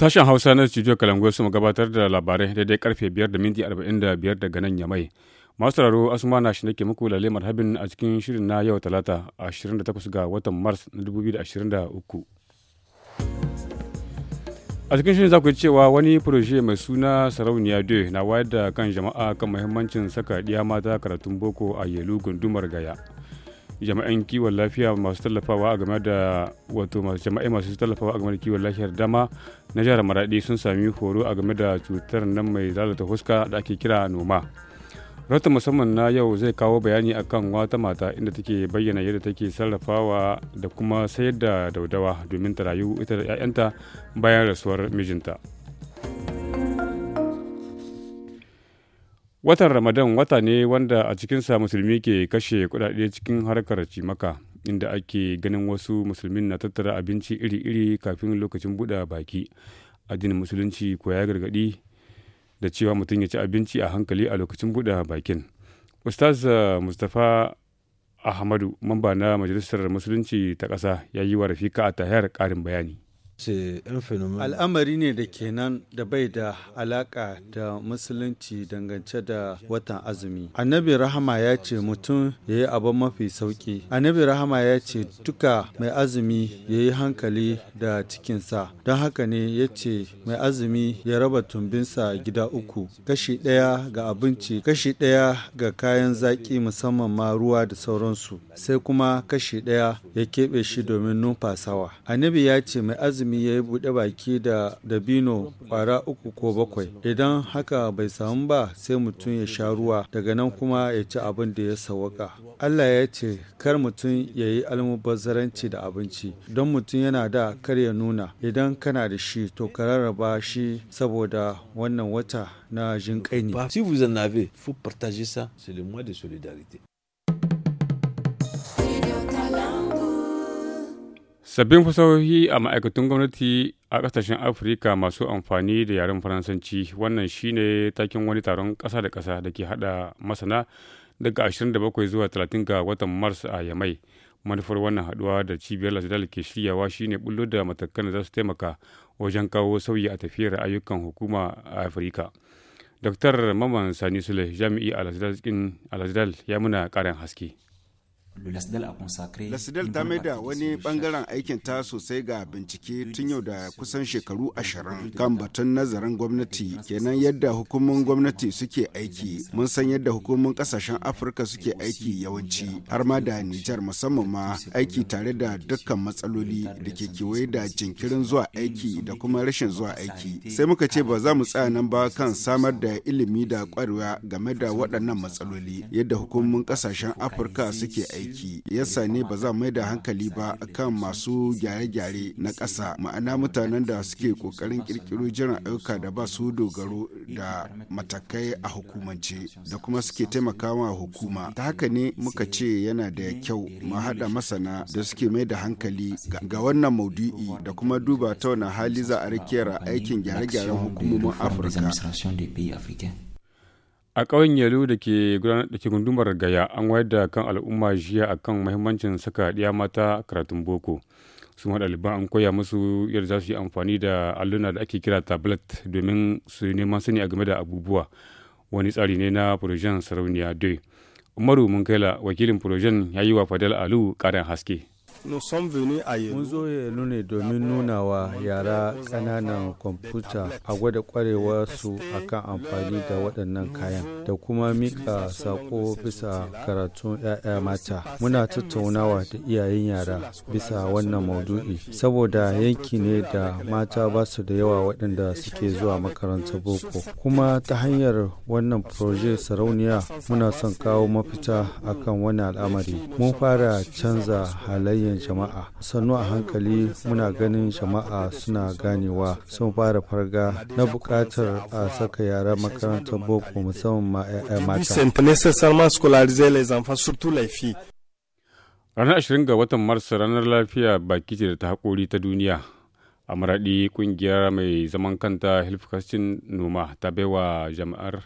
Sashen Hausa na Studio Kalangu su gabatar da labarai daidai karfe 5 da minti 45 daga nan Yamai. Masu sauraro Asuma na shi ke muku lalle marhabin a cikin shirin na yau Talata 28 ga watan Mars na 2023. A cikin shirin za ku cewa wani proje mai suna Sarauniya Do na wayar da kan jama'a kan muhimmancin saka ɗiya mata karatun boko a Yelu gundumar Gaya. jama'an kiwon lafiya masu tallafawa a game da wato masu jama'ai masu tallafawa a game da kiwon lafiyar dama na jihar maraɗi sun sami horo a game da cutar nan mai lalata huska da ake kira noma rata musamman na yau zai kawo bayani akan wata mata inda take bayyana yadda take sarrafawa da kuma sayar da daudawa domin ta rayu ita da 'ya'yanta bayan rasuwar mijinta. Watan Ramadan wata ne wanda a cikinsa musulmi ke kashe kudade cikin harkar cimaka inda ake ganin wasu musulmin na tattara abinci iri-iri kafin lokacin buɗe baki. Addinin musulunci ko ya gargaɗi da cewa mutum ya ci abinci a hankali a lokacin buɗe bakin. Ustaz eh, Mustapha Ahmadu, mamba na Majalisar Musulunci ta ƙasa, ya yi wa Rafika a tahiyar ƙarin bayani. Al'amari ne da kenan da bai da alaƙa da musulunci dangance da watan azumi. Annabi Rahama ya ce mutum ya yi abu mafi sauki Annabi Rahama ya ce duka mai azumi ya yi hankali da cikinsa. Don haka ne ya ce mai azumi ya raba tumbinsa gida uku. Kashi ɗaya ga abinci, kashi ɗaya ga kayan zaƙi musamman ma ruwa da sauransu. Sai kuma kashi ɗaya ya keɓe shi domin numfasawa. Annabi ya ce mai azumi azumi ya yi buɗe baki da dabino ƙwara uku ko bakwai idan haka bai samu ba sai mutum ya sha ruwa daga nan kuma ya ci abin da ya sawaka allah ya ce kar mutum ya yi almubazzaranci da abinci don mutum yana da kar ya nuna idan kana da shi to ka rarraba shi saboda wannan wata na jinƙai ne. Sabbin fasahohi a ma'aikatan gwamnati a ƙasashen Afirka masu amfani da yaren Faransanci wannan shi ne takin wani taron ƙasa da ƙasa da ke haɗa masana daga 27 zuwa 30 ga watan Mars a Yamai. Manufar wannan haɗuwa da cibiyar Lasdal ke shiryawa shi ne bullo da matakan da za su taimaka wajen kawo sauyi a tafiyar ayyukan hukuma a Afirka. Dr. Maman Sani Sule jami'i a Lasidal ya muna ƙarin haske. Lasdal a consacré. Lasdal ta maida wani bangaren aikin ta sosai ga bincike tun yau da kusan shekaru ashirin kan batun nazarin gwamnati kenan yadda hukumomin gwamnati suke aiki mun san yadda hukumomin kasashen Afirka suke aiki yawanci har ma da Nijar musamman ma aiki tare da dukkan matsaloli da ke kewaye da jinkirin zuwa aiki da kuma rashin zuwa aiki sai muka ce ba za mu tsaya nan ba kan samar da ilimi da kwarewa game da waɗannan matsaloli yadda hukumomin kasashen Afirka suke aiki aiki yasa ne ba za mai da hankali ba kan masu gyare-gyare na ƙasa ma'ana mutanen da suke ƙoƙarin ƙirƙiro jiran ayyuka da ba su dogaro da matakai a hukumance da kuma suke taimakawa hukuma ta haka ne muka ce yana da kyau mu haɗa masana da suke mai da hankali ga wannan maudu'i da kuma duba ta wani hali za a rikiyar aikin gyare-gyaren hukumomin afirka A ƙauyen yalu da ke gundumar Gaya an wayar da kan al'umma jiya kan mahimmancin saka ɗiya mata karatun boko. su ɗaliban an koya musu yadda za su yi amfani da alluna da ake kira tablet domin su neman sani a game da abubuwa wani tsari ne na projen sarauniya 2 umaru munkaila wakilin projen ya yi wa fadal alu ƙarin haske Mun zo ya ne domin nuna wa yara ƙananan kwamfuta a gwada kwarewa su akan amfani da waɗannan kayan da kuma mika sako bisa karatun 'ya'ya mata. Muna tattaunawa da iyayen yara bisa wannan maudu'i saboda yanki ne da mata ba su da yawa waɗanda suke zuwa makaranta boko. Kuma ta hanyar wannan proje sarauniya muna son kawo mafita akan wannan al'amari. Mun fara canza halayen miliyan jama'a sannu a hankali muna ganin jama'a suna ganewa sun fara farga na bukatar a saka yara makarantar boko musamman ma 'ya'ya mata Ranar 20 ga watan Mars ranar lafiya baki ce da ta haƙori ta duniya. A maraɗi ƙungiyar mai zaman kanta Hilfikastin Noma ta baiwa jama'ar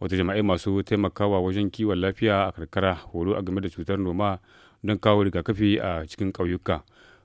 wata jama'ai masu taimakawa wajen kiwon lafiya a karkara horo a game da cutar noma don kawo rigakafi a cikin ƙauyuka.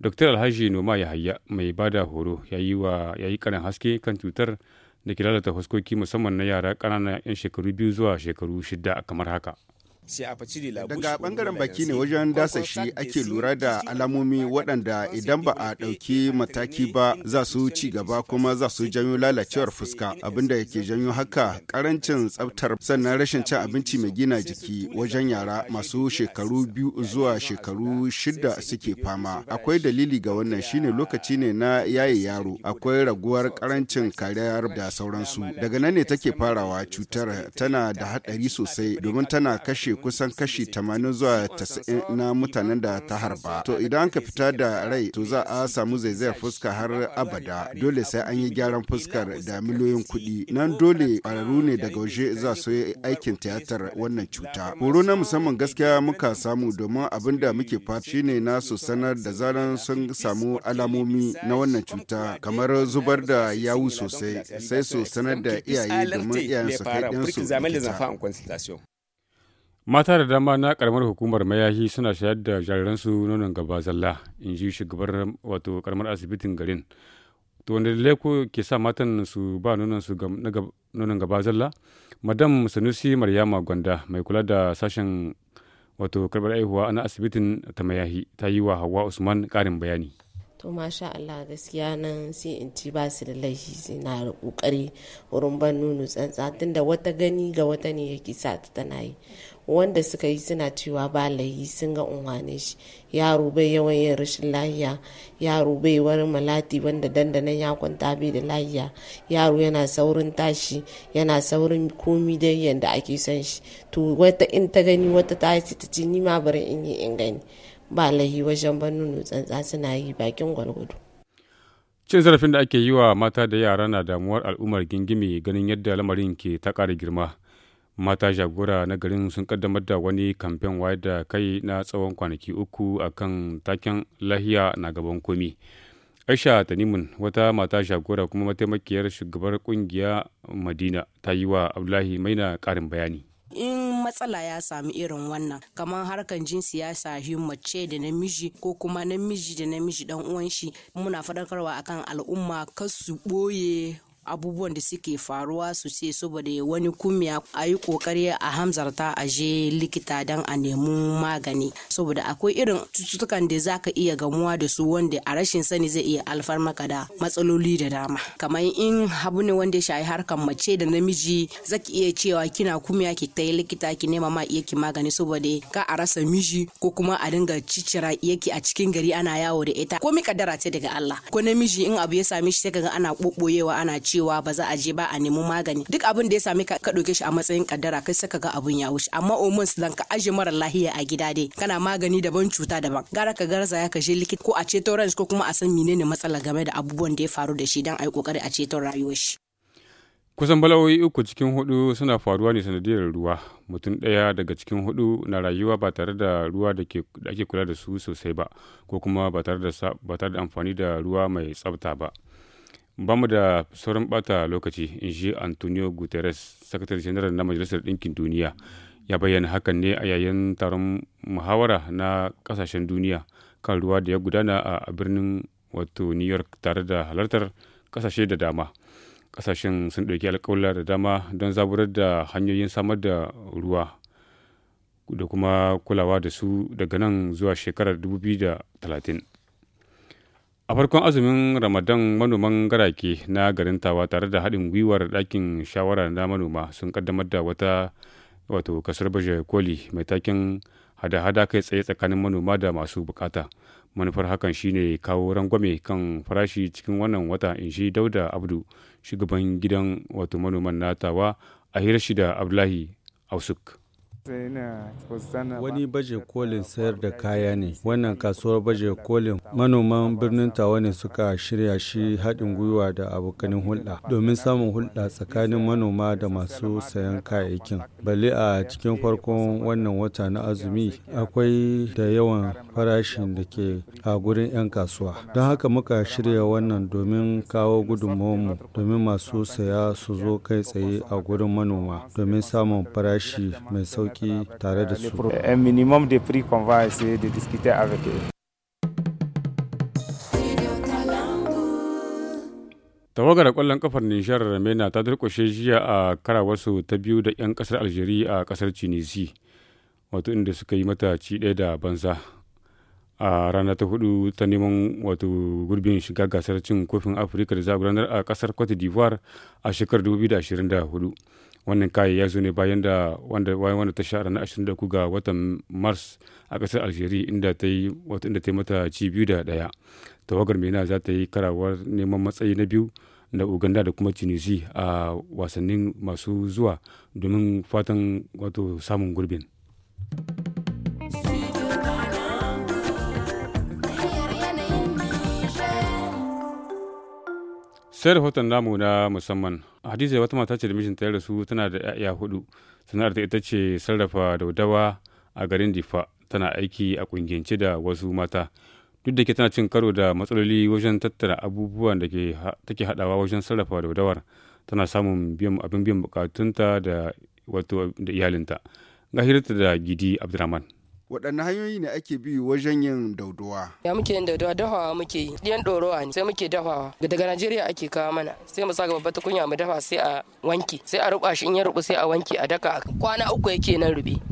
Dr. Alhaji Noma Yahaya mai bada horo ya yi karin haske kan cutar da ke lalata huskoki musamman na yara ƙananan 'yan shekaru biyu zuwa shekaru shida kamar haka. sai a da labushi daga bangaren baki ne wajen dasa shi ake lura da alamomi waɗanda idan ba a ɗauki mataki ba za su ci gaba kuma za su janyo lalacewar fuska abinda yake janyo haka karancin tsaftar sannan rashin cin abinci mai gina jiki wajen yara masu shekaru biyu zuwa shekaru shida suke fama akwai dalili ga wannan shine lokaci ne na yaye yaro akwai raguwar karancin kariyar da sauransu daga nan ne take farawa cutar tana da haɗari sosai domin tana kashe kusan kashi 80 zuwa 90 na mutanen da ta harba. To idan ka fita da rai to za a samu zaizayar fuska har abada dole sai an yi gyaran fuskar da miliyoyin kuɗi. Nan dole ƙwararru ne daga waje za su yi aikin tiyatar wannan cuta. Horo na musamman gaskiya muka samu domin abin da muke fata ne na su sanar da zaran sun samu alamomi na wannan cuta kamar zubar da yawu sosai sai su sanar da iyaye domin iyayen su kai ɗansu. Mata da dama na karamar hukumar mayahi suna shayar da jariransu nonon gaba zalla, in ji shugabar wato karamar asibitin garin. To wanda dalilai ko ke sa matan su ba nonon su gaba zalla? Madam Sanusi Maryama Gwanda mai kula da sashen wato karbar aihuwa na asibitin ta mayahi ta yi wa Hauwa Usman karin bayani. to masha Allah gaskiya nan sai in ci ba su da laifi sai na kokari wurin ban nono tsantsa tunda wata gani ga wata ne yake sa ta tana yi wanda suka yi suna cewa ba layi sun ga unwane shi yaro bai yawan yin rashin lahiya yaro bai wani malati wanda dandanan ya kwanta bai da lahiya yaro yana saurin tashi yana saurin komi dai yadda ake son shi to wata in ta gani wata ta yi ta ce ni ma bari in yi in gani ba lahi wajen ban nono tsantsa suna yi bakin gwalgwado. cin zarafin da ake yi wa mata da yara na damuwar al'ummar gingimi ganin yadda lamarin ke ta ƙara girma mata jagora na garin sun kaddamar da wani kamfen wayar da kai na tsawon kwanaki uku a kan taken lahiya na gaban komi aisha tanimun wata mata jagora kuma mataimakiyar shugabar kungiya madina ta yi wa abdullahi na karin bayani in matsala ya sami irin wannan kamar harkan jinsi ya sahi mace da namiji ko kuma namiji da namiji dan uwan shi muna faɗakarwa akan al'umma kar su ɓoye abubuwan da suke faruwa su ce saboda wani kumya a yi kokari a hamzarta a je likita don a nemi magani saboda akwai irin cututtukan da za ka iya gamuwa da su wanda a rashin sani zai iya alfar maka da matsaloli da dama kamar in habu ne wanda ya shayi harkar mace da namiji zaki iya cewa kina kumya ki ta likita ki nema ma iya ki magani saboda ka a rasa miji ko kuma a dinga cicira iyaki a cikin gari ana yawo da ita ko mi kaddara ce daga Allah ko namiji in abu ya same shi sai kaga ana boboyewa ana cewa ba za a je ba a nemi magani duk abin da ya same ka ka ɗauke shi a matsayin kaddara kai saka ga abun ya wuce amma omon su ka aje mara lahiya a gida dai kana magani daban cuta daban gara ka garza ya ka je likita ko a ceto ran ko kuma a san menene matsala game da abubuwan da ya faru da shi dan ai kokari a ceto rayuwar shi kusan balawoyi uku cikin hudu suna faruwa ne sanadiyar ruwa mutum ɗaya daga cikin hudu na rayuwa ba tare da ruwa da ake kula da su sosai ba ko kuma ba tare da amfani da ruwa mai tsabta ba ba mu da sauran bata lokaci in ji antonio guterres sakatare janar na majalisar ɗinkin duniya ya bayyana hakan ne a yayin taron muhawara na ƙasashen duniya kan ruwa da ya gudana a birnin wato new york tare da halartar ƙasashe da dama ƙasashen sun ɗauki alƙawla da dama don zaburar da hanyoyin samar da ruwa da kuma kulawa da su daga nan zuwa shekarar 2030 a farkon azumin ramadan manoman garake na garin tawa tare da haɗin gwiwar ɗakin shawara na manoma sun kaddamar da wata wato kasar baje koli mai takin hada-hada kai tsaye tsakanin manoma da masu bukata manufar hakan shine kawo rangwame kan farashi cikin wannan wata in shi dauda abdu shugaban gidan wato manoman na tawa a hirar shi da abdullahi ausuk Wani baje kolin sayar da kaya ne. Wannan kasuwar baje kolin manoman birnin tawa ne suka shirya shi haɗin gwiwa da abokanin hulɗa domin samun hulɗa tsakanin manoma da masu sayan kayayyakin. Bale a cikin farkon wannan wata na azumi akwai da yawan farashin da ke a gurin 'yan kasuwa. Don haka muka shirya wannan domin kawo gudunmawarmu domin masu saya su zo kai tsaye a gurin manoma domin samun farashi mai sauki. dokoki tare da su. minimum de prix qu'on va essayer de discuter avec eux. tawagar kwallon kafar nishar ramena ta durkushe jiya a karawarsu ta biyu da 'yan kasar algeria a kasar tunisi wato inda suka yi mata ci ɗaya da banza a rana ta hudu ta neman wato gurbin shiga gasar cin kofin afirka da za a a kasar cote d'ivoire a shekarar 2024 wannan kayi ya zo ne bayan da wanda ta sha ranar 23 ga watan mars a kasar algeria inda ta yi inda ta yi mata ci biyu da daya tawagar mena za ta yi karawar neman matsayi na biyu da uganda da kuma tunisi a wasannin masu zuwa domin fatan wato samun gurbin. sai rahoton namu na musamman hadiza wata mata ce da mijinta ya rasu tana da 'ya'ya hudu sana'ar ta ita ce sarrafa daudawa a garin difa tana aiki a kungiyance da wasu mata duk da ke tana cin karo da matsaloli wajen tattara abubuwan da take hadawa wajen sarrafa daudawar tana samun abin biyan bukatunta da wato iyalinta ga da gidi abdurrahman waɗanne hanyoyi ne ake bi wajen yin daudawa ya muke yin daudawa dafawa muke yi ɗiyan ɗorowa ne sai muke dafawa daga najeriya ake kawo mana sai mu gaba bata tukunya mu dafa sai a wanki sai a ruba shi in ya rubu sai a wanki a daka kwana uku yake nan rube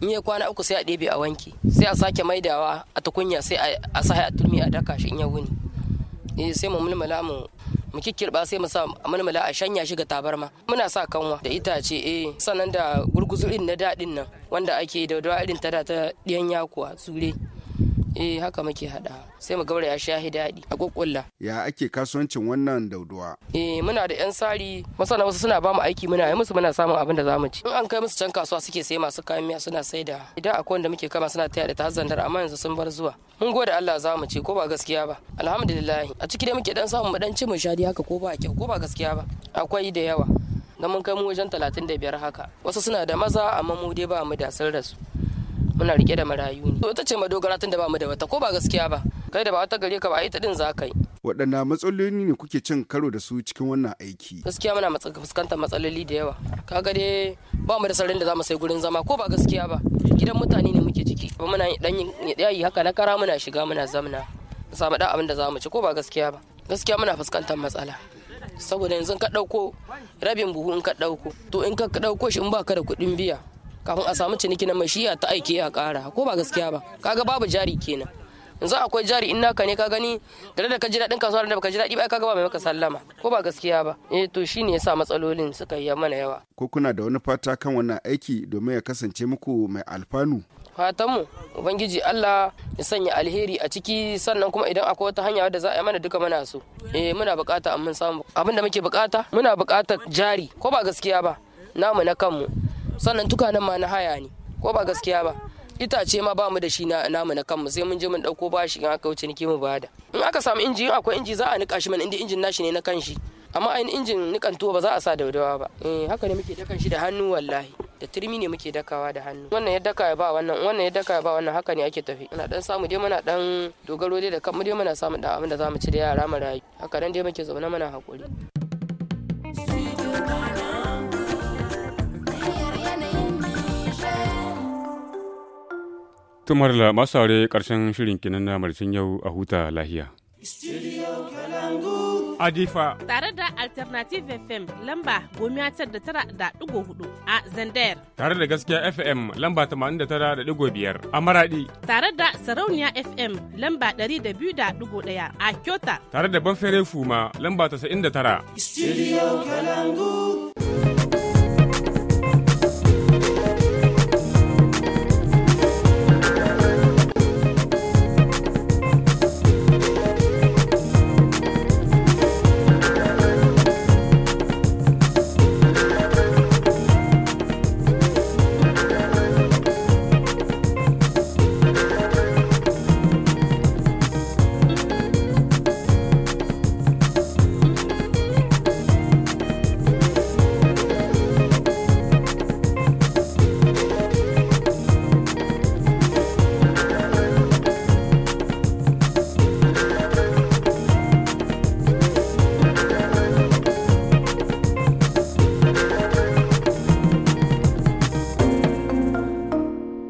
in ya kwana uku sai a ɗebe a wanki sai a sake maidawa a tukunya sai a sa a turmi a daka shi in ya wuni eh, sai mu mulmula mu mu kikkirba sai mu sa mulmula a shanya shi ga tabarma muna sa kanwa da itace eh sannan da gurguzurin na daɗin nan wanda ake da irin ta da ta diyan yakuwa zure eh haka muke hada sai mu ya sha daɗi a kokkulla ya ake kasuwancin wannan dauduwa eh muna da yan sari masana wasu suna mu aiki muna yi musu muna samun abin da mu ci in an kai musu can kasuwa suke sai masu kayan miya suna saida idan akwai wanda muke kama suna taya da tazandar amma yanzu sun bar zuwa mun gode Allah za mu ce ko ba gaskiya ba alhamdulillah a ciki dai muke dan samu mu dan ci mu sha haka ko ba kyau ko ba gaskiya ba akwai da yawa na mun kai mu wajen biyar haka wasu suna da maza amma mu dai ba mu da sun rasu muna rike da marayu ne. Ita ce madogara tun da ba mu da wata ko ba gaskiya ba. Kai da ba wata gare ka ba a yi ta din za ka yi. waɗanne matsaloli ne kuke cin karo da su cikin wannan aiki gaskiya muna fuskantar matsaloli da yawa kaga dai ba mu da sarrin da zamu sai gurin zama ko ba gaskiya ba gidan mutane ne muke ciki ba muna dan yayi haka na kara muna shiga muna zamna mu samu da abin da zamu ci ko ba gaskiya ba gaskiya muna fuskantar matsala saboda yanzu ka ɗauko rabin buhu in ka ɗauko to in ka ɗauko shi in baka da kuɗin biya kafin a samu ciniki na mashiya ta aike ya kara ko ba gaskiya ba kaga babu jari kenan yanzu akwai jari in naka ne ka gani da da ka ji daɗin kasuwa da ka ji daɗi ba kaga ba mai maka sallama ko ba gaskiya ba eh to shine yasa matsalolin suka yi mana yawa ko kuna da wani fata kan wannan aiki domin ya kasance muku mai alfanu fatanmu ubangiji Allah ya sanya alheri a ciki sannan kuma idan akwai wata hanya da za a yi mana duka muna so eh muna bukata mun samu abin da muke bukata muna bukata jari ko ba gaskiya ba namu na kanmu sannan tukanen ma na haya ne ko ba gaskiya ba itace ma ba mu da shi na namu na kanmu sai mun je mun dauko bashi in aka wuce nike mu bada in aka samu inji akwai inji za a nika shi man inda injin nashi ne na kanshi amma ainihin injin nikan tuwo ba za a sa daudawa ba eh haka ne muke dakan shi da hannu wallahi da turmi ne muke dakawa da hannu wannan ya daka ya ba wannan wannan ya daka ya ba wannan haka ne ake tafi muna dan samu dai muna dan dogaro dai da kanmu dai muna samu da abin da zamu ci da yara mu rayu haka dan dai muke zaune muna hakuri Tumar la masu aure ƙarshen shirin kinan na marcin yau a huta lahiya. Studio Kalangu. Adifa. Tare da Alternative FM lamba gomiya tar da tara da ɗigo hudu a Zandayar. Tare da gaskiya FM lamba tamanin da tara da ɗigo biyar a Maradi. Tare da Sarauniya FM lamba ɗari da biyu da ɗigo ɗaya a Kyota. Tare da Banfere Fuma lamba tasa'in da tara. Studio Kalangu.